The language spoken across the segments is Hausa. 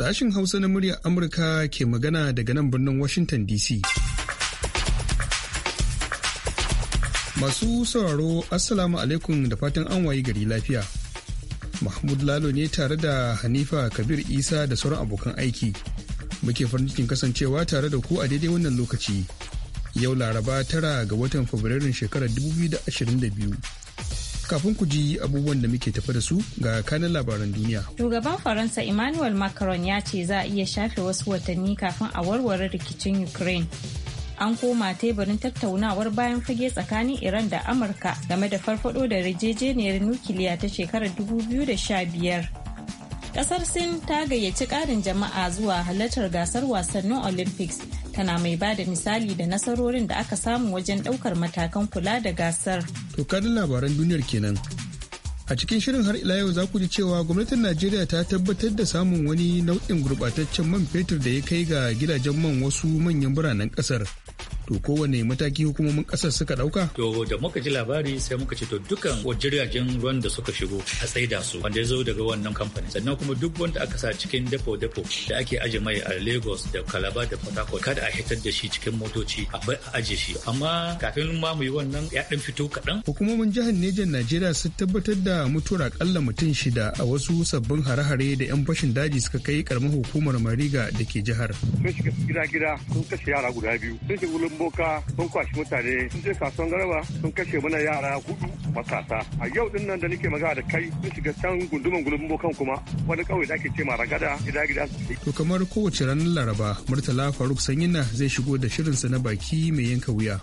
Sashin Hausa na muryar Amurka ke magana daga nan birnin Washington DC. Masu sauraro Assalamu alaikum da fatan an wayi gari lafiya. Mahmud Lalo ne tare da Hanifa Kabir Isa da sauran abokan aiki. Muke farin cikin kasancewa tare da ku a daidai wannan lokaci. Yau Laraba tara ga watan Fabrairun shekarar 2022. Kafin ku ji abubuwan da muke tafi da su ga kanin labaran duniya. Shugaban Faransa Emmanuel Macron ya ce za a iya shafe wasu watanni kafin a warware rikicin Ukraine. An koma teburin tattaunawar bayan fage tsakanin Iran da Amurka game da farfado da yarjejeniyar nukiliya ta shekarar 2015. Kasar Sin ta gayyaci karin jama'a zuwa halartar gasar wasannin Olympics tana mai ba da misali da nasarorin da aka samu wajen daukar matakan kula da gasar. To kadin labaran duniyar kenan. A cikin shirin har ila yau za ku ji cewa gwamnatin Najeriya ta tabbatar da samun wani nau'in gurbataccen man fetur da ya kai ga gidajen man wasu manyan biranen kasar. to kowane mataki hukumomin kasar suka dauka to da muka ji labari sai muka ce to dukkan jiragen ruwan da suka shigo a tsaida su wanda ya zo daga wannan kamfani sannan kuma duk wanda aka sa cikin depo depo da ake aje mai a Lagos da Calabar da Port Harcourt kada a hitar da shi cikin motoci a bar a aje shi amma kafin ma mu yi wannan ya dan fito kaɗan. Hukumomin jihar Nejan Najeriya su tabbatar da mutuwar akalla mutum shida a wasu sabbin hare-hare da 'yan fashin daji suka kai karamar hukumar Mariga da ke jihar. Sun shiga gida-gida sun kashe yara guda biyu sun shiga boka sun kwashi mutane sun je kasuwan garaba sun kashe mana yara hudu matasa a yau din nan da nake magana da kai sun shiga can gunduman gulubin bokan kuma wani kauye da ake ce ma ragada gida gida to kamar kowace ranar laraba murtala faruk sanyina zai shigo da shirinsa na baki mai yanka wuya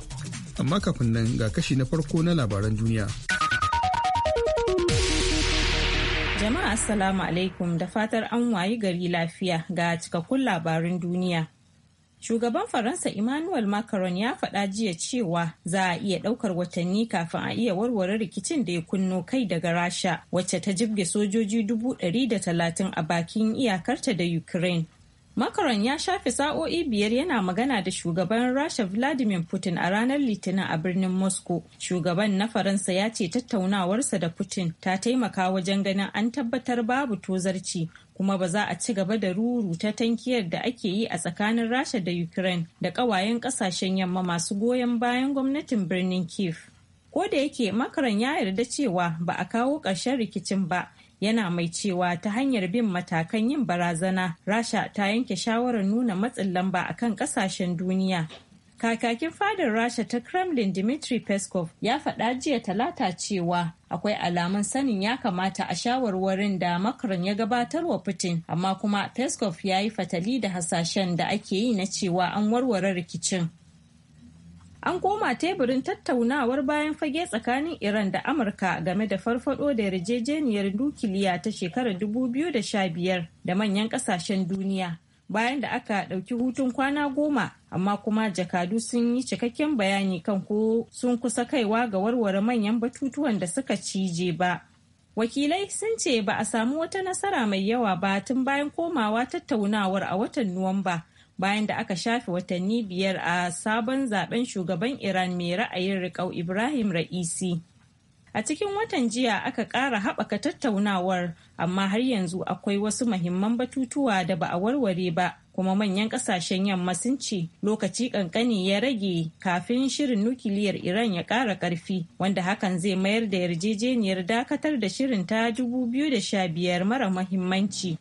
amma kafin nan ga kashi na farko na labaran duniya jama'a assalamu alaikum da fatar an wayi gari lafiya ga cikakkun labarin duniya Shugaban Faransa Emmanuel Macron ya faɗa jiya cewa za a iya ɗaukar watanni kafin a iya warware rikicin da ya kunno kai daga Rasha wacce ta jibge sojoji dubu ɗari da talatin a bakin iyakarta da Ukraine. Macron ya shafe sa'o'i biyar yana magana da shugaban Rasha Vladimir Putin a ranar Litinin a birnin Moscow. Shugaban na Faransa ya ce tattaunawarsa da Putin ta taimaka wajen ganin an tabbatar babu tozarci kuma ba za a ci gaba da ruru ta tankiyar da ake yi a tsakanin Rasha da Ukraine da ƙawayen ƙasashen yamma masu goyon bayan gwamnatin birnin Kiev. Ko da yake Macron ya yarda cewa ba a kawo ƙarshen rikicin ba, yana mai cewa ta hanyar bin matakan yin barazana rasha ta yanke shawarar nuna matsin lamba a kan kasashen duniya kakakin fadar rasha ta kremlin dmitry peskov ya faɗa jiya talata cewa akwai alamun sanin ya kamata a shawarwarin da makaron ya gabatar wa putin amma kuma peskov ya yi fatali da hasashen da ake yi na cewa an warware rikicin an koma teburin tattaunawar bayan fage tsakanin Iran da Amurka game da farfado da yarjejeniyar nukiliya ta shekarar 2015 da manyan kasashen duniya. Bayan da aka ɗauki hutun kwana goma, amma kuma jakadu sun yi cikakken bayani kan ko sun kusa kaiwa ga warware manyan batutuwan da suka cije ba. Wakilai sun ce ba a samu wata nasara mai yawa ba tun bayan komawa tattaunawar a watan Nuwamba. bayan da aka shafe watanni biyar a sabon zaben shugaban iran mai ra'ayin riƙau ibrahim ra'isi a cikin watan jiya aka ƙara haɓaka tattaunawar amma har yanzu akwai wasu mahimman batutuwa da ba a warware ba kuma manyan ƙasashen yamma sun ce lokaci ƙanƙani ya rage kafin shirin nukiliyar iran ya ƙara ƙarfi wanda hakan zai mayar da yarjejeniyar dakatar da shirin ta 2015 mara mahimmanci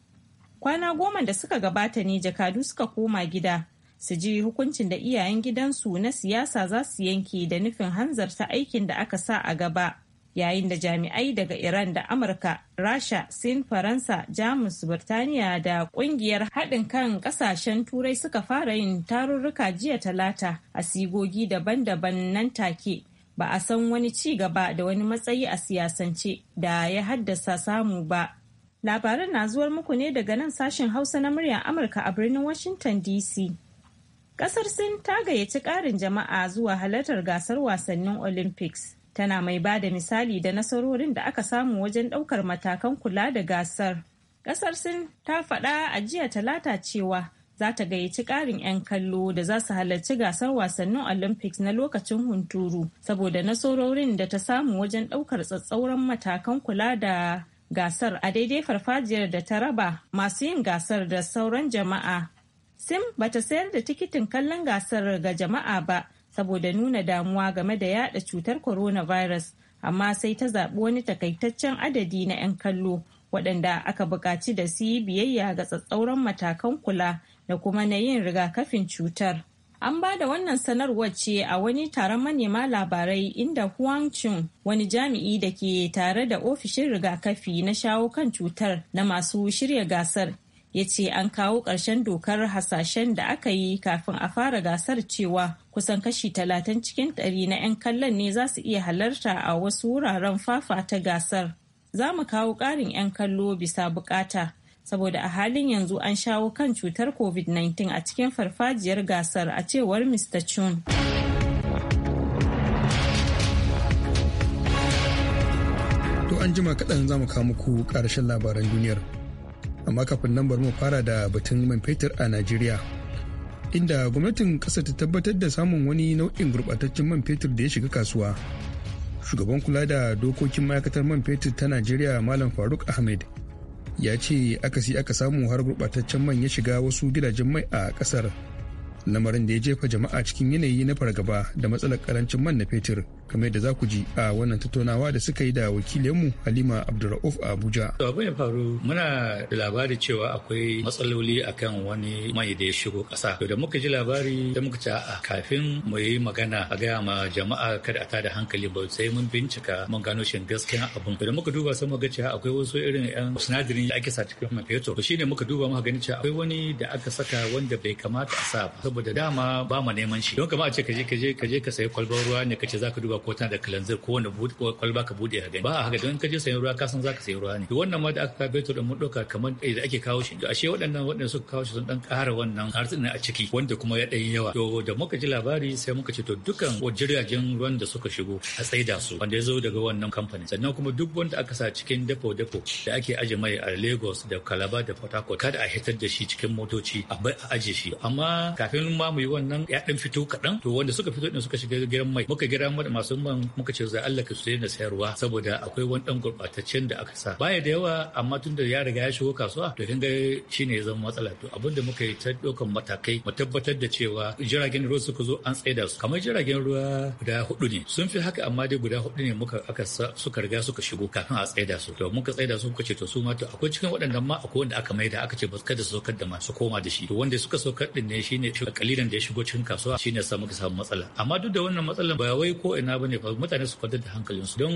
kwana goma da suka gabata ne jakadu suka koma gida su ji hukuncin da iyayen gidansu na siyasa za su yanke da nufin hanzarta aikin da aka sa a gaba yayin da jami'ai daga iran da amurka rasha sin faransa jamus birtaniya da kungiyar haɗin kan ƙasashen turai suka fara yin tarurruka jiya talata a sigogi daban-daban nan take ba a san wani ci gaba da wani matsayi a siyasance da ya haddasa samu ba Labaran na zuwar muku ne daga nan sashen Hausa na muryar Amurka a birnin Washington DC. Kasar Sin ta gayyaci ƙarin jama'a zuwa halartar gasar wasannin Olympics. Tana mai ba da misali da nasarorin da aka samu wajen ɗaukar matakan kula da gasar. Kasar Sin ta faɗa a jiya talata cewa za ta gayyaci ƙarin 'yan kallo da za su halarci gasar wasannin olympics na lokacin hunturu saboda nasarorin da ta samu wajen ɗaukar tsatsauran matakan kula da gasar a daidai farfajiyar da ta raba masu yin gasar da sauran jama'a sim bata sayar da tikitin kallon gasar ga jama'a ba saboda nuna damuwa game da yada cutar coronavirus amma sai ta zaɓi wani takaitaccen adadi na 'yan kallo waɗanda aka buƙaci da su yi biyayya ga tsatsauran matakan kula da kuma na yin rigakafin cutar. An ba da wannan sanarwar ce a wani taron manema labarai inda Huang Chun wani jami'i da ke tare da ofishin rigakafi na shawo kan cutar na masu shirya gasar ya ce an kawo ƙarshen dokar hasashen da aka yi kafin a fara gasar cewa kusan kashi talatin cikin ɗari na 'yan kallon ne za su iya halarta a wasu wuraren fafa ta gasar. Za mu kawo ƙarin 'yan kallo bisa buƙata. saboda a halin yanzu an shawo kan cutar covid-19 a cikin farfajiyar gasar a cewar mr chun to an jima kaɗan za mu kawo muku ƙarshen labaran duniyar amma kafin nan bari mu fara da batun man fetur a najeriya inda gwamnatin ƙasa ta tabbatar da samun wani nau'in gurɓataccen man fetur da ya shiga kasuwa shugaban kula da dokokin ma'aikatar man fetur ta najeriya malam faruk ahmed ya ce akasi aka samu har gurɓataccen man ya shiga wasu gidajen mai a ƙasar lamarin da ya jefa jama'a cikin yanayi na fargaba da matsalar karancin man na fetur kamar da za ku ji a wannan tattaunawa da suka yi da wakilinmu halima abdulra'uf a abuja abu ya faru muna labari cewa akwai matsaloli akan wani mai da ya shigo kasa to da muka ji labari da muka ci a kafin mu yi magana a gaya ma jama'a kada a da hankali ba sai mun bincika mun gano shin gaskiya abin to da muka duba sai muka ga cewa akwai wasu irin yan sinadarin da ake sa cikin man fetur to shine muka duba muka gani cewa akwai wani da aka saka wanda bai kamata a sa ba saboda dama ba mu neman shi don kama a ce ka je ka je ka je ka sayi kwalbar ruwa ne ka ce zaka duba ko tana da kalanzir ko wanda kwalba ka bude ka gani ba haka don ka je sayan ruwa ka san zaka sayi ruwa ne wannan ma da aka kawo fetur din mun doka kamar eh, da ake kawo shi ashe waɗannan waɗanda suka kawo shi sun dan ƙara wannan ne a ciki wanda kuma ya ɗan yawa to da muka ji labari sai muka ce to dukkan jiragen ruwan da suka shigo a tsaida su wanda ya zo daga wannan kamfani sannan kuma duk wanda aka sa cikin dafo depo da ake aje mai a Lagos da Calabar da Port Harcourt kada a hitar da shi cikin motoci a aje shi amma kafin ganin ma mu yi wannan ya fito kaɗan to wanda suka fito din suka shiga gidan mai muka gira masu man muka ce za Allah ka su na sayarwa saboda akwai wani dan gurbataccen da aka sa baya da yawa amma tunda ya riga ya shigo kasuwa to kin ga shine ya zama matsala to abin da muka yi ta dokan matakai mu tabbatar da cewa jiragen ruwa suka zo an tsaida su kamar jiragen ruwa guda hudu ne sun fi haka amma dai guda hudu ne muka aka suka riga suka shigo kafin a tsaida su to muka tsaida su muka ce to su ma to akwai cikin waɗannan ma akwai wanda aka maida aka ce kada su da su koma da shi to wanda suka din ne shine kalilan da ya shigo cikin kasuwa shine yasa muka samu matsala amma duk da wannan matsalan ba wai ko ina bane fa mutane su kwantar da hankalinsu don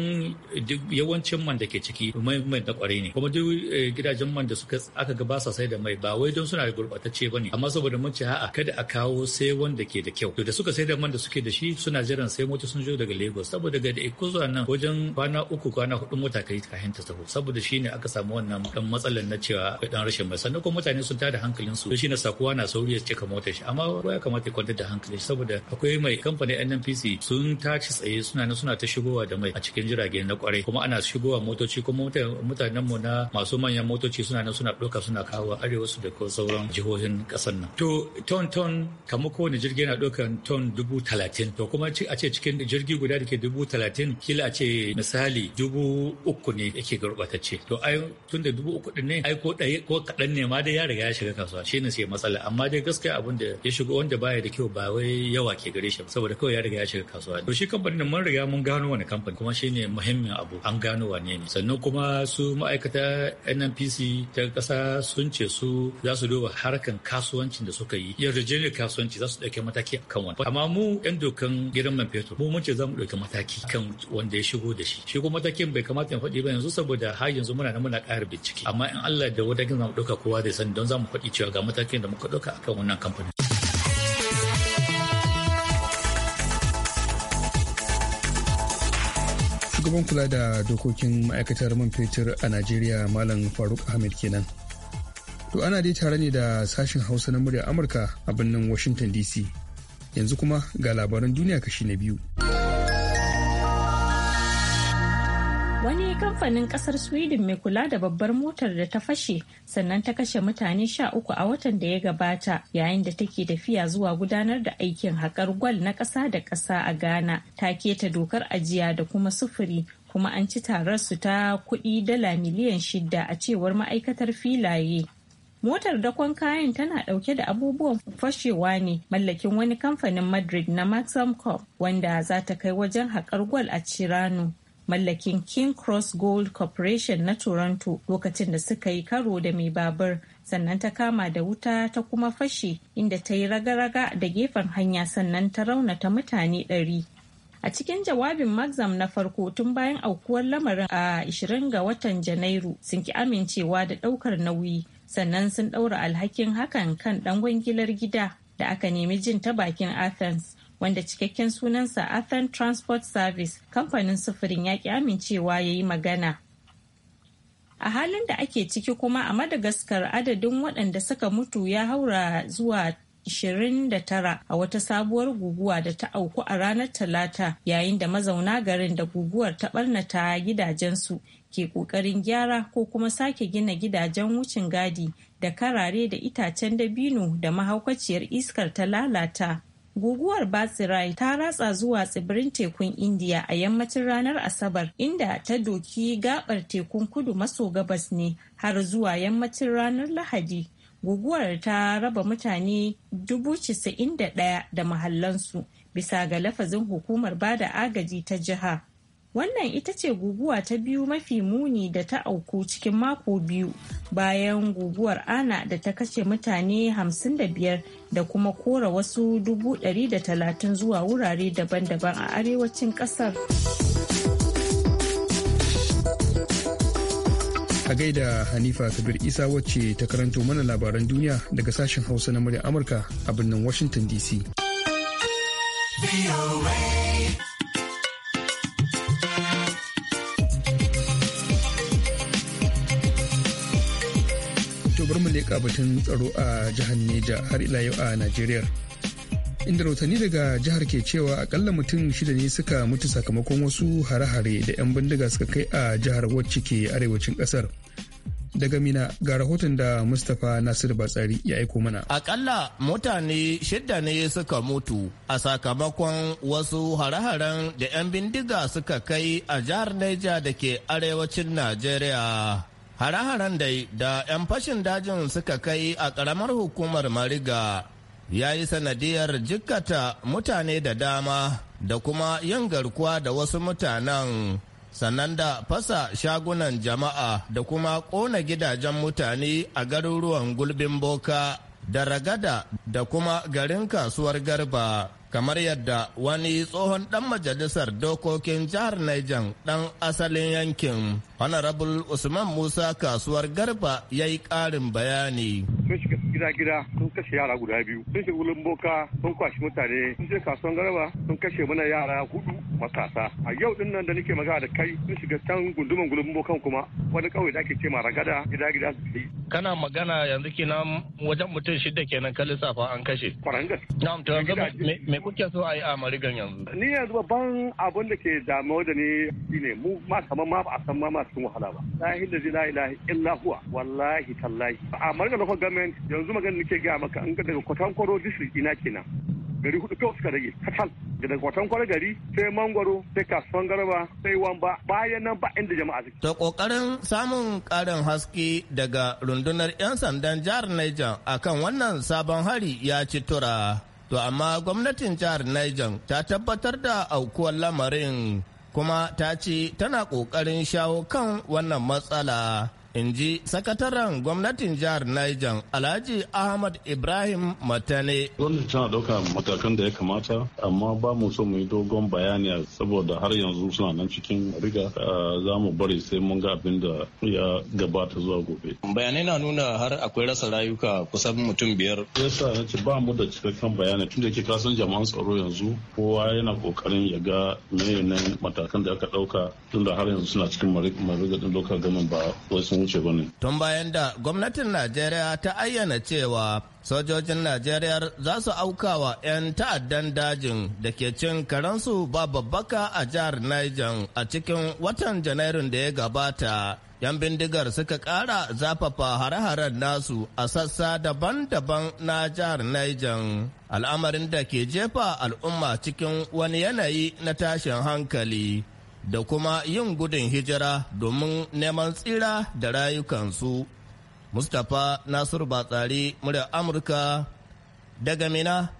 yawancin man da ke ciki mai mai na kwarai ne kuma duk eh, gidajen man da suka aka ga ba sa sai da mai ba wai don suna gurbatacce bane amma saboda mun ce a'a kada a kawo sai wanda ke da kyau to da suka sai da man da suke da shi suna jiran sai mota sun zo daga Lagos saboda ga da iko zuwa nan wajen kwana uku kwana hudu mota kai kafin ta taho saboda shine aka samu wannan dan matsalan na cewa dan rashin mai sannan kuma mutane sun tada hankalinsu to shine sakuwa na sauri ya cika motar shi amma amma ya kamata ya kwantar da hankali saboda akwai mai kamfanin NNPC sun tashi tsaye suna nan suna ta shigowa da mai a cikin jirage na kwarai kuma ana shigowa motoci kuma mutanen mu na masu manyan motoci suna nan suna ɗauka suna kawo arewa su da sauran jihohin ƙasar nan. To ton ton kama kowane jirgi yana ɗaukan ton dubu talatin to kuma a ce cikin jirgi guda da ke dubu talatin kila a ce misali dubu uku ne yake gurɓatacce to ai tun da dubu uku ne ai ko ɗaya ko kaɗan ne ma dai ya riga ya shiga kasuwa shi ne sai matsala amma dai gaskiya abin da ya ya shigo wanda baya da kyau ba wai yawa ke gare shi saboda kawai ya riga ya shiga kasuwa to shi kamfanin mun riga mun gano wani kamfani kuma shine muhimmin abu an gano wane ne sannan kuma su ma'aikata NNPC ta kasa sun ce su za su duba harkan kasuwancin da suka yi yarjejeniyar kasuwanci za su dauke mataki kan wani amma mu yan dokan gidan man fetur mu mun ce za mu dauke mataki kan wanda ya shigo da shi shi kuma matakin bai kamata ya faɗi ba yanzu saboda har yanzu muna nan muna ƙara bincike amma in Allah da wadakin za mu ɗauka kowa da sani don za mu faɗi cewa ga matakin da muka ɗauka akan wannan kamfanin shugaban kula da dokokin ma'aikatar man fetur a najeriya malam faruk ahmed kenan to ana dai tare ne da sashen hausa na murya amurka a birnin washington dc yanzu kuma ga labaran duniya kashi na biyu Wani kamfanin kasar Sweden mai kula da babbar motar da ta fashe sannan ta kashe mutane sha uku a watan da ya gabata yayin da take tafiya zuwa gudanar da aikin haƙar gwal na ƙasa da ƙasa a Ghana ta keta dokar ajiya da kuma sufuri kuma an ci tararsu ta kuɗi dala miliyan shida a cewar ma'aikatar filaye motar dakon kayan tana ɗauke da abubuwan fashewa ne mallakin wani kamfanin madrid na maxim corp wanda za ta kai wajen haƙar gwal a cirano mallakin king cross gold corporation na toronto lokacin da suka yi karo da mai babur sannan ta kama da wuta ta kuma fashe inda ta yi raga-raga da gefen hanya sannan ta raunata mutane ɗari. a cikin jawabin maxam na farko tun bayan aukuwar lamarin a 20 ga watan janairu sun ki amincewa da ɗaukar nauyi sannan sun ɗaura alhakin hakan kan ɗan gwangilar gida da aka nemi jin ta bakin athens wanda cikakken sunansa Athan Transport Service kamfanin sufurin ya ki amincewa ya yi magana. A halin da ake ciki kuma a Madagaskar adadin waɗanda suka mutu ya haura zuwa 29 a wata sabuwar guguwa da ta auku a ranar Talata yayin da mazauna garin da guguwar ta ɓarnata gidajensu ke ƙoƙarin gyara ko kuma sake gina gidajen wucin gadi da karare da itacen dabino da mahaukaciyar iskar ta lalata. Guguwar Batsirai ta ratsa zuwa tsibirin tekun Indiya a yammacin ranar Asabar inda ta doki gabar tekun kudu maso gabas ne har zuwa yammacin ranar Lahadi. Guguwar ta raba mutane 91,000 da mahallansu bisa ga lafazin hukumar bada agaji ta jiha. Wannan ita ce guguwa ta biyu mafi muni da ta auku cikin mako biyu bayan guguwar Ana da ta kashe mutane 55 da kuma kora wasu 130 zuwa wurare daban-daban a arewacin kasar. A gaida Hanifa Kabir Isa wacce ta karanto mana labaran duniya daga sashen Hausa na murya Amurka a birnin Washington DC. bar mu leƙa batun tsaro a jihar Neja har ila yau a Najeriya. Inda rautani daga jihar ke cewa akalla mutum shida ne suka mutu sakamakon wasu hare-hare da 'yan bindiga suka kai a jihar wacce ke arewacin kasar daga mina ga rahoton da mustapha nasir batsari ya aiko mana akalla mutane shida ne suka mutu a sakamakon wasu hare-haren da 'yan bindiga suka kai a jihar neja da ke arewacin najeriya Hare-haren dai da 'yan fashin dajin suka kai a ƙaramar hukumar Mariga ya yi sanadiyar jikkata mutane da dama da kuma yin garkuwa da wasu mutanen sannan da fasa shagunan jama'a da kuma ƙona gidajen mutane a garuruwan gulbin boka da ragada da kuma garin kasuwar garba. kamar yadda wani tsohon dan majalisar dokokin jihar Niger dan asalin yankin honorable Usman Musa kasuwar Garba ya yi ƙarin bayani. gida-gida sun kashe yara guda biyu sun shiga wulin boka sun kwashi mutane sun je kasuwan garba sun kashe mana yara hudu matasa a yau din nan da nake magana da kai sun shiga can gunduman gulubin bokan kuma wani kauye da ake ce maragada gida gida su yi kana magana yanzu kenan wajen mutum shida kenan ka lissafa an kashe kwarangas na'am to yanzu me kuke so a yi a marigan yanzu ni yanzu babban abin da ke damuwa da ni shine mu ma kamar ma ba a san ma cikin wahala ba lahi da la ilaha illa huwa wallahi tallahi a marigan local government yanzu magana nake gaya maka an ga daga kwatankwaro district ina kenan gari hudu kawai suka rage kacal daga kwatan kwar gari sai mangwaro sai kasuwan garba sai wamba bayan nan ba inda jama'a suke. ta kokarin samun karin haske daga rundunar 'yan sandan jihar niger akan wannan sabon hari ya ci tura to amma gwamnatin jihar niger ta tabbatar da aukuwar lamarin kuma ta ce tana kokarin shawo kan wannan matsala in ji sakataren gwamnatin jihar Niger Alhaji Ahmad Ibrahim Matane. Gwamnati tana ɗauka matakan da ya kamata amma ba mu so mu yi dogon bayani saboda har yanzu suna nan cikin riga za mu bari sai mun ga abin da ya gabata zuwa gobe. Bayanai na nuna har akwai rasa rayuka kusan mutum biyar. Yasa na ce ba mu da cikakken bayani tun da ke kasan jama'an tsaro yanzu kowa yana kokarin ya ga menene matakan da aka ɗauka tun da har yanzu suna cikin marigadin ɗaukar ganin ba wasu wuce ba Tun bayan da gwamnatin Najeriya ta ayyana cewa sojojin Najeriya za su auka wa 'yan ta'addan dajin da ke cin karansu ba babbaka a jihar Niger a cikin watan Janairun da ya gabata. 'Yan bindigar suka ƙara zafafa hare-haren nasu a sassa daban-daban na jihar Niger. Al'amarin da ke jefa al'umma cikin wani yanayi na tashin hankali. da kuma yin gudun hijira domin neman tsira da rayukansu. Mustapha Nasiru Batsari murya Amurka daga Mina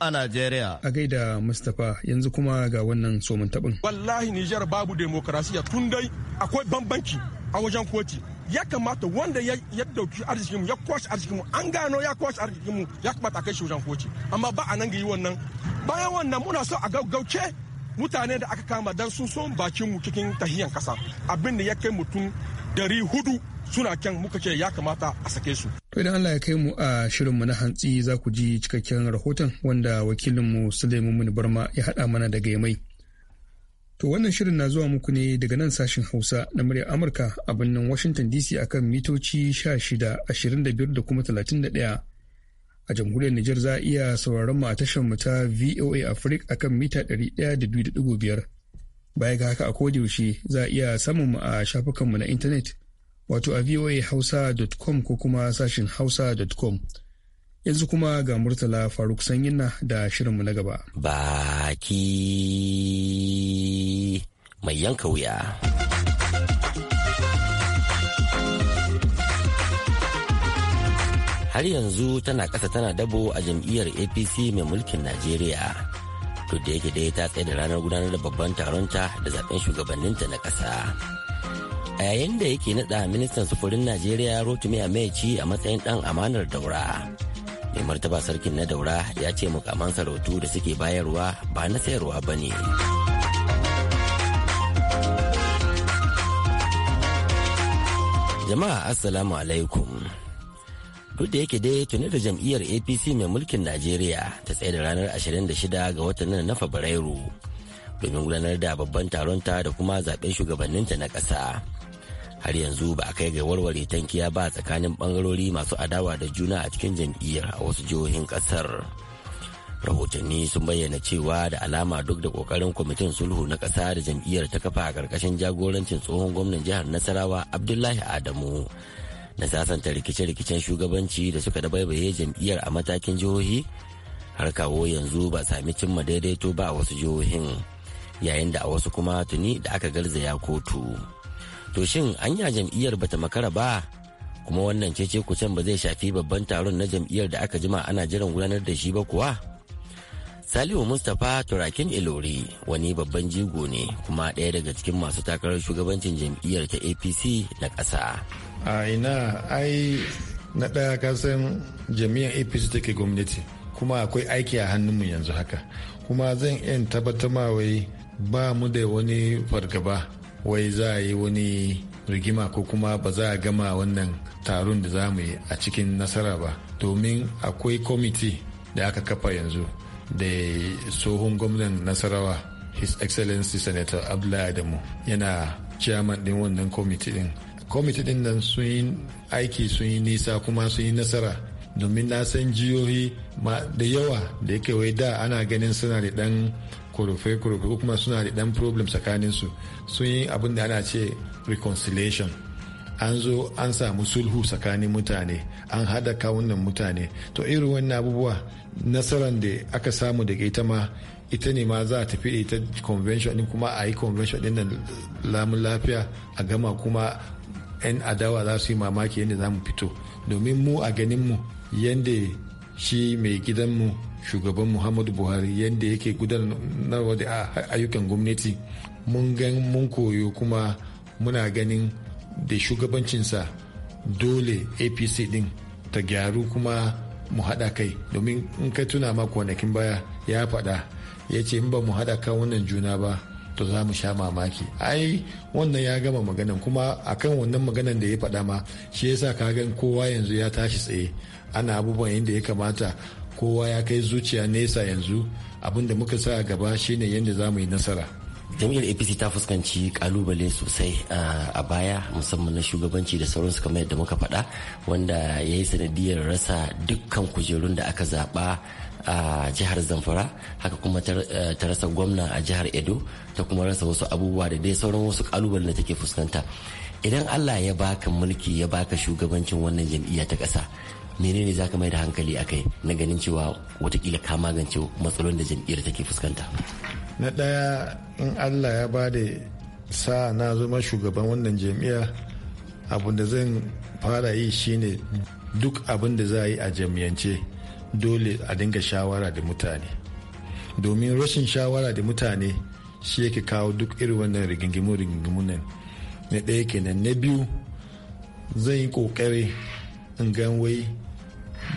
a Najeriya. A gaida Mustapha yanzu kuma ga wannan somin taɓin. Wallahi Nijar babu demokarasiya tun dai akwai bambanci a wajen koti. Ya kamata wanda ya dauki arzikinmu ya kwashe arzikinmu an gano ya kwashe arzikinmu ya kamata a kai shi wajen koti. Amma ba a nan ga yi wannan. Bayan wannan muna so a gaugauce mutane da aka kama dan sun son bakin mu cikin tahiyan kasa abin da ya kai mutum dari hudu suna kyan muka ce ya kamata a sake su. To idan Allah ya kai mu a shirin mu na hantsi za ku ji cikakken rahoton wanda wakilinmu Suleiman Barma ya haɗa mana daga Yamai. To wannan shirin na zuwa muku ne daga nan sashen Hausa na muryar Amurka a birnin Washington DC akan mitoci 16, 25 da kuma 31. a jamhuriyar Nijar za a iya sauraron mu a tashar mu ta VOA Africa akan mita 102.5 baya ga haka a yaushe za a iya samun mu a shafukan mu na intanet wato a voahausa.com ko kuma sashin hausa.com yanzu kuma ga murtala faruk sanyina da shirin mu na gaba baki mai yanka wuya har yanzu tana ƙasa tana dabo a jam'iyyar apc mai mulkin najeriya to da yake dai ta tsaye da ranar gudanar da babban taron ta da zaben shugabanninta na ƙasa a yayin da yake nada ministan sufurin najeriya rotimi ameci a matsayin dan amanar daura mai martaba sarkin na daura ya ce mukaman sarautu da suke bayarwa ba na sayarwa ba ne jama'a assalamu alaikum duk da yake dai tuni da jam'iyyar apc mai mulkin najeriya ta tsaye da ranar 26 ga watan nan na fabrairu domin gudanar da babban taronta da kuma zaben shugabanninta na ƙasa har yanzu ba a kai ga warware tankiya ba tsakanin bangarori masu adawa da juna a cikin jam'iyyar a wasu jihohin ƙasar rahotanni sun bayyana cewa da alama duk da kokarin kwamitin sulhu na ƙasa da jam'iyyar ta kafa a ƙarƙashin jagorancin tsohon gwamnan jihar nasarawa abdullahi adamu Na sasanta rikice-rikicen shugabanci da suka dabaibaye jam'iyyar a matakin jihohi har kawo yanzu ba sami cimma daidaito ba a wasu jihohin yayin da a wasu kuma tuni da aka garza ya kotu to shin anya jam'iyyar bata makara ba kuma wannan cece kucen ba zai shafi babban taron na jam'iyyar da aka jima ana jiran gudanar da shi ba kuwa salihu mustapha turakin ilori wani babban jigo ne kuma ɗaya daga cikin masu takarar shugabancin jam'iyyar ta apc na ƙasa a ina ai na ɗaya kasan jami'an apc take gwamnati kuma akwai aiki a hannunmu yanzu haka kuma zan iya tabbatar wai ba mu da wani fargaba wai za a yi wani rigima ko kuma ba za a gama wannan taron da za mu yi a cikin nasara ba domin akwai kwamiti da aka kafa yanzu da tsohon gwamnan nasarawa his excellency senator abdullahi adamu yana chairman din wannan kwamiti ɗin. kwamiti din nan sun yi aiki sun yi nisa kuma sun yi nasara domin na san jihohi da yawa da yake wai da ana ganin suna da dan kurufe-kurufe kuma suna da dan problem tsakaninsu sun yi abin da ana ce reconciliation an zo an samu sulhu tsakanin mutane an hada kawunan mutane to irin wannan abubuwa nasarar da aka samu daga ita ma ita ne ma za a tafi ita convention din kuma a yi convention din nan lamun lafiya a gama kuma 'yan adawa za su yi mamaki yadda za mu fito domin mu a ganinmu yadda shi mai gidanmu shugaban muhammadu buhari yadda yake gudanarwa da ayyukan gwamnati mun gan mun koyo kuma muna ganin da shugabancinsa dole apc din ta gyaru kuma mu haɗa kai domin in ka tuna ma kwanakin baya ya faɗa ya ce in ba mu haɗa kan wannan juna ba to za mu sha mamaki ai wannan ya gama maganan kuma akan wannan maganan da ya faɗa ma shi yasa gan kowa yanzu ya tashi tsaye ana abubuwan yadda ya kamata kowa ya kai zuciya nesa yanzu abin da muka sa gaba shine yadda za mu yi nasara jam'iyyar apc ta fuskanci kalubale sosai ah, a baya musamman na shugabanci da sauransu kamar yadda muka faɗa wanda ya yi sanadiyar rasa dukkan kujerun da aka zaɓa a jihar zamfara haka kuma ta eh, rasa gwamna a jihar edo ta kuma rasa wasu abubuwa da dai sauran wasu kalubale da take fuskanta idan allah ya baka mulki ya baka shugabancin wannan jam'iyya ta ƙasa menene za ka mai da hankali a kai na ganin cewa watakila ka magance matsalolin da jam'iyyar take fuskanta na ɗaya in allah ya ba da sa na zama shugaban wannan jami'a abin da zan fara yi shine duk abin da za a yi a jami'ance dole a dinga shawara da mutane domin rashin shawara da mutane shi yake kawo duk irin wannan rigingimu rigingimu nan na ɗaya kenan na biyu zan yi ƙoƙari in gan wai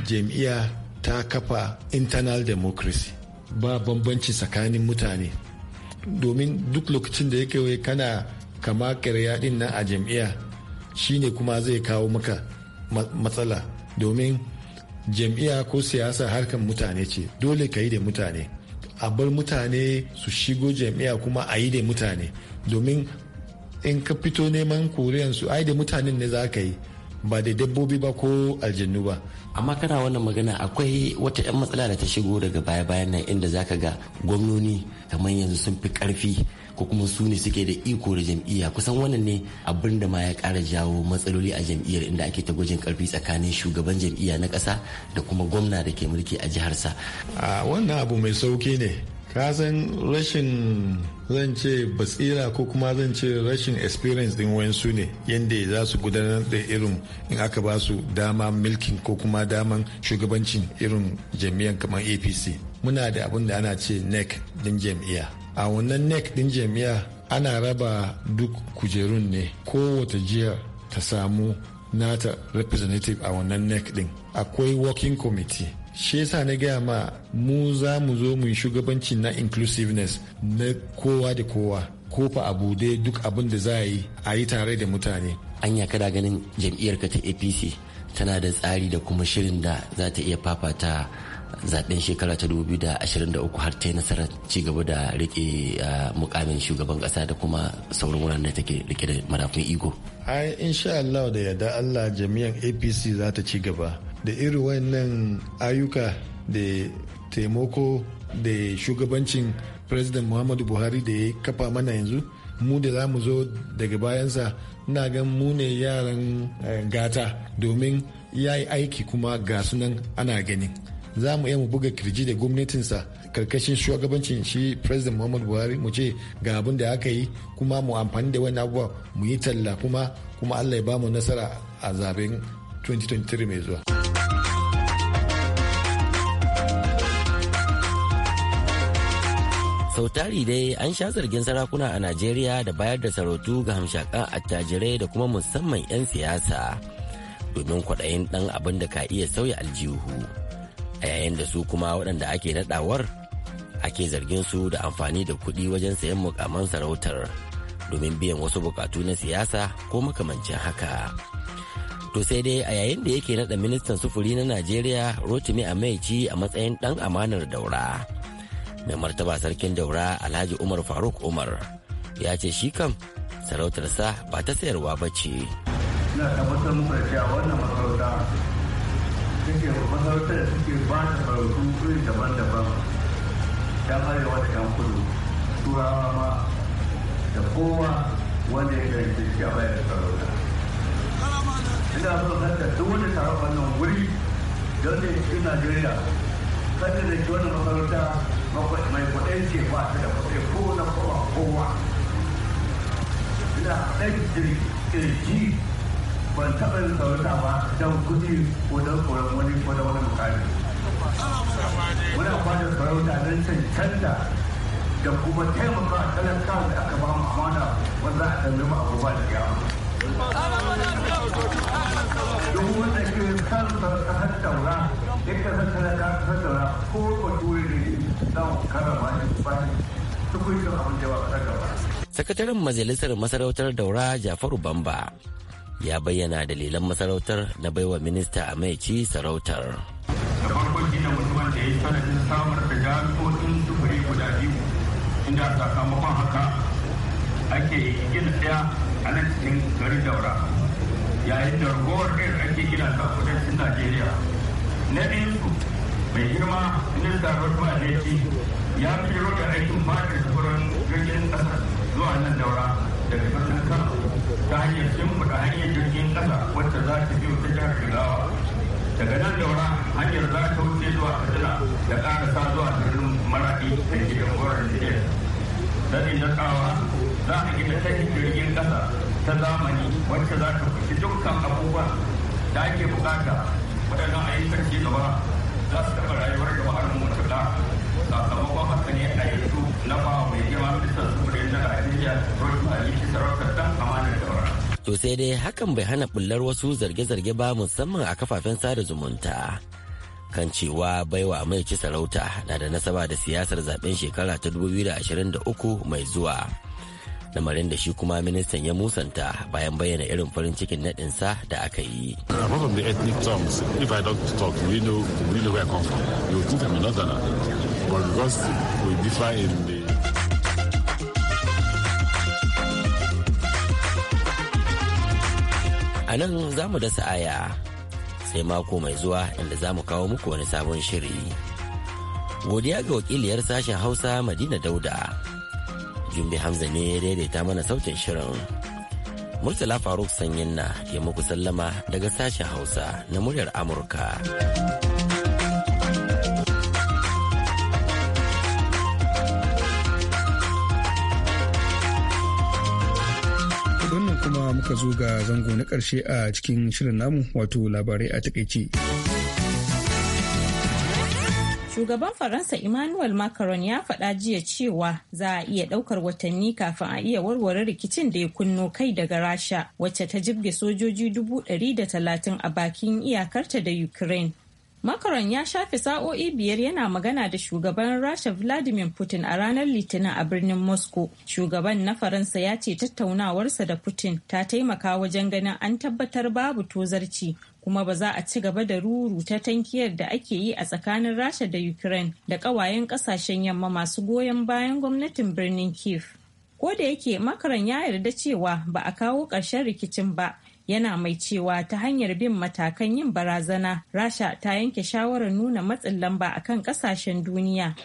jami'a ta kafa internal democracy ba bambanci tsakanin mutane domin duk lokacin da ya kewaye kana kama karya din nan a jam'iyya shine kuma zai kawo maka matsala domin jam'iyya ko siyasa harkar mutane ce dole ka yi da mutane a bar mutane su shigo jam'iyya kuma a yi da mutane domin in ka fito neman koriyansu ai da mutanen ne za ka yi ba da dabbobi ba ko aljannu ba amma kana wannan magana akwai wata 'yan matsala da ta shigo daga baya-bayan nan inda zaka ga gwamnoni kamar yanzu sun fi karfi ko kuma su ne suke da iko da jam'iyya kusan wannan ne abin da ma ya kara jawo matsaloli a jam'iyyar inda ake ta gwajin karfi tsakanin shugaban jam'iyya na ƙasa da kuma gwamna da ke mulki a jiharsa. sa. wannan abu mai sauki ne ka san rashin zan ce basira ko kuma zan ce rashin experience din wayansu ne yadda za su gudanar da irin in aka ba su dama milkin ko kuma daman shugabancin irin jami'an kamar apc muna da abin da ana ce nec din jami'a. a wannan nec din jami'a ana raba duk kujerun ne kowace jiya ta samu nata representative a wannan nec din akwai working committee shi yasa na gaya ma mu za mu zo mu yi shugabanci na inclusiveness na kowa da kowa ko fa a dai duk abin da za a yi a yi tare da mutane anya kada ganin jam'iyyar ka ta apc tana da tsari da kuma shirin da za ta iya fafata zaben shekara ta 2023 har ta yi nasarar gaba da rike mukamin shugaban kasa da kuma sauran wuraren da take rike da madafun iko. ai insha Allah da yadda Allah jami'an APC za ta ci gaba da irin wannan ayyuka da taimako da shugabancin president muhammadu buhari da ya kafa mana yanzu mu da za mu zo daga bayansa na gan mu ne yaran eh, gata domin ya yi aiki kuma ga sunan ana gani za mu iya mu buga kirji da gwamnatinsa karkashin shugabancin shi president muhammadu buhari mu ce ga abin da aka yi kuma mu amfani da wani abubuwa mu yi talla kuma kuma allah ya ba mu nasara a zaben 2023 mai zuwa. sau tari dai an sha zargin sarakuna a najeriya da bayar da sarautu ga hamshakan attajirai da kuma musamman 'yan siyasa domin kwaɗayin ɗan abin da ka iya sauya aljihu a yayin da su kuma waɗanda ake naɗawar ake zargin su da amfani da kuɗi wajen sayan mukaman sarautar domin biyan wasu bukatu na siyasa ko makamancin haka to sai dai a yayin da yake naɗa ministan sufuri na najeriya rotimi amaici a matsayin ɗan amanar daura mai martaba sarkin daura alhaji umar faruk umar ya ce shi kam sarautarsa ba ta sayarwa ba ce ina tabbatar muku da cewa wannan masarauta take masarautar da suke ba da farautu iri daban-daban ta arewa da yan kudu turawa ma da kowa wanda ya gaji shi a bayar da sarauta ina so kanta duk wani taron wannan wuri don ne cikin najeriya kanta da ke wannan masarauta mai kwaɗin ce ba ta da kwaɗe ko na kowa kowa ina ɗan kirji ban taɓa yin saurata ba don kuɗi ko don tsoron wani ko da wani mukami muna kwanar sarauta don cancanta da kuma taimaka a talakawa da aka ba mu amana wanda a tambaye mu abubuwa da yawa duk wanda ke kan sarkar daura in ka san kana ka san da ko bature ne za mu karrama shi ba shi tukuncin abin da ba ka gaba. Sakataren Majalisar Masarautar Daura Jafaru Bamba ya bayyana dalilan masarautar na baiwa minista a maici sarautar. Da farkon gina mutumin da ya yi sanadin samar da jami'o'in sufuri guda biyu inda sakamakon haka ake gina ɗaya a nan cikin gari daura yayin da ragowar ɗaya ake gina sa kudancin Najeriya na ɗayansu mai girma minista rotman da ya fi da aikin fadar sauran jirgin ƙasa zuwa nan daura daga birnin kano ta hanyar shimfiɗa hanyar jirgin ƙasa wacce za ta biyo ta jihar jigawa daga nan daura hanyar za ta wuce zuwa katsina da ƙarasa zuwa birnin maraɗi da gidan gwarar nijar sani na tsawa za a gina ta jirgin ƙasa ta zamani wacce za ta fushi dukkan abubuwan da ake bukata waɗannan ayyukan ci gaba za su taɓa rayuwar jama'ar mu matuƙa sakamakon haka ne a yanzu na ba mai girma bisa sufurin na Najeriya Rohima Aliki sarautar dan amanar daura. To sai dai hakan bai hana bullar wasu zarge-zarge ba musamman a kafafen sada zumunta. kan cewa baiwa mai ci sarauta na da nasaba da siyasar zaben shekara ta 2023 mai zuwa. lamarin da shi kuma ministan ya musanta bayan bayyana irin farin cikin naɗinsa da aka yi. A nan za mu dasa aya sai mako mai zuwa inda za mu kawo muku wani sabon shiri. Godiya ga wakiliyar sashen Hausa Madina Dauda. Jumbe Hamza ne ya daidaita mana sautin shirin. Murtala Faruk Sanyin na ke muku sallama daga sashen Hausa na muryar Amurka. Wannan kuma muka zo ga zango na ƙarshe a cikin shirin namu wato labarai a takaice. Shugaban Faransa Emmanuel Macron ya faɗa jiya cewa za a iya ɗaukar watanni kafin a iya warware rikicin da ya kunno kai daga Rasha wacce ta jibge sojoji dubu ɗari da talatin a bakin iyakarta da Ukraine. Macron ya shafe sa'o'i biyar yana magana da shugaban Rasha Vladimir Putin a ranar Litinin a birnin Moscow. Shugaban na Faransa ya ce tattaunawarsa da Putin ta taimaka wajen ganin an tabbatar babu tozarci kuma ba za a ci gaba da ruru ta tankiyar da ake yi a tsakanin rasha da ukraine da ƙawayen ƙasashen yamma masu goyon bayan gwamnatin birnin kiev ko da yake makaron ya yarda cewa ba a kawo ƙarshen rikicin ba yana mai cewa ta hanyar bin matakan yin barazana rasha ta yanke shawarar nuna matsin lamba akan ƙasashen duniya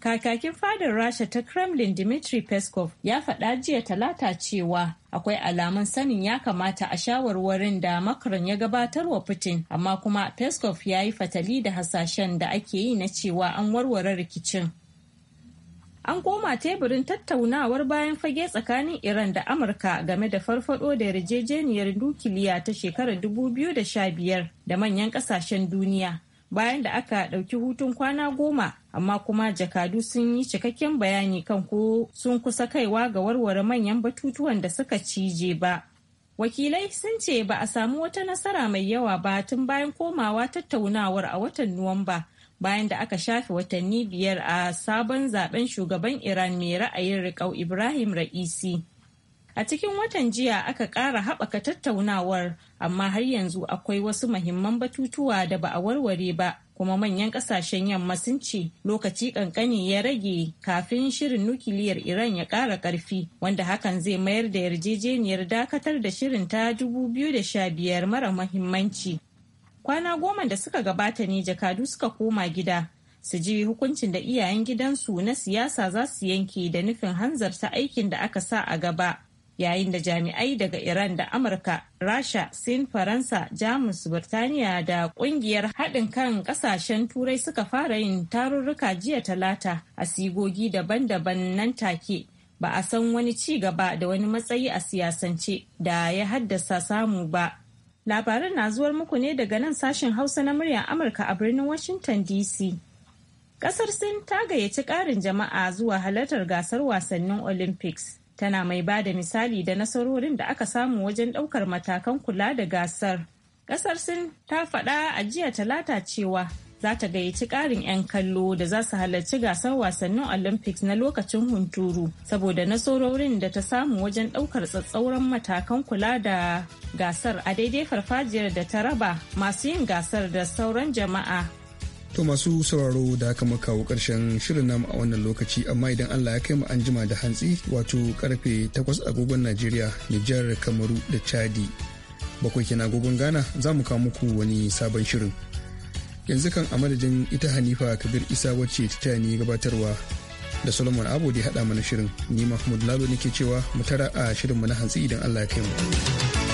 Kakakin fadar Rasha ta Kremlin Dmitry Peskov ya faɗa jiya talata cewa akwai alamun sanin ya kamata a shawarwarin da makaron ya gabatar wa Putin, amma kuma Peskov ya yi fatali da hasashen da ake yi na cewa an warware rikicin. An koma teburin tattaunawar bayan fage tsakanin Iran da Amurka game da farfado da yarjejeniyar nukiliya ta shekarar 2015 da manyan kasashen duniya. bayan da aka ɗauki hutun kwana goma amma kuma jakadu sun yi cikakken bayani kan ko sun kusa kaiwa ga warware manyan batutuwan da suka cije ba wakilai sun ce ba a samu wata nasara mai yawa ba tun bayan komawa tattaunawar a watan nuwamba bayan da aka shafe watanni biyar a sabon zaben shugaban iran mai ra'ayin riƙau ibrahim ra'isi A cikin watan jiya aka ƙara haɓaka tattaunawar, amma har yanzu akwai wasu mahimman batutuwa da ba a warware ba, kuma manyan ƙasashen yamma sun ce lokaci ƙanƙani ya rage kafin shirin nukiliyar Iran ya ƙara ƙarfi, wanda hakan zai mayar da yarjejeniyar dakatar da shirin ta 2015 mara mahimmanci. Kwana goma da suka gabata ne jakadu suka koma gida. su ji hukuncin da iyayen gidansu na siyasa za su yanke da nufin hanzarta aikin da aka sa a gaba yayin da jami'ai daga Iran da Amurka, Rasha, Sin, Faransa, Jamus, Birtaniya da kungiyar haɗin kan ƙasashen Turai suka fara yin tarurruka jiya talata a sigogi daban-daban nan take. Ba a san wani ci gaba da wani matsayi a siyasance da ya haddasa samu ba. Labaran na zuwar muku ne daga nan sashen Hausa na muryar Amurka a birnin Washington DC. Ƙasar Sin ta gayyaci ƙarin jama'a zuwa halartar gasar wasannin Olympics. tana mai ba da misali da nasarorin da aka samu wajen ɗaukar matakan kula da gasar ƙasar sin ta faɗa a jiya talata cewa za ta gayyaci ƙarin 'yan kallo da za su halarci gasar wasannin olympics na lokacin hunturu saboda nasarorin da ta samu wajen ɗaukar tsatsauran matakan kula da gasar a daidai farfajiyar da ta raba masu yin gasar da sauran jama'a To masu sauraro da aka makawo karshen shirin nam a wannan lokaci amma idan Allah ya kai mu an jima da hantsi wato karfe 8 agogon Najeriya, Nijar, Kamaru da Chadi. Bakwai kina agogon Ghana za mu kawo muku wani sabon shirin. Yanzu kan a madadin ita Hanifa Kabir Isa wacce ta ni gabatarwa da Solomon Abu da haɗa mana shirin. Ni Mahmud Lalo nake cewa mu tara a shirin mu na hantsi idan Allah ya kai mu.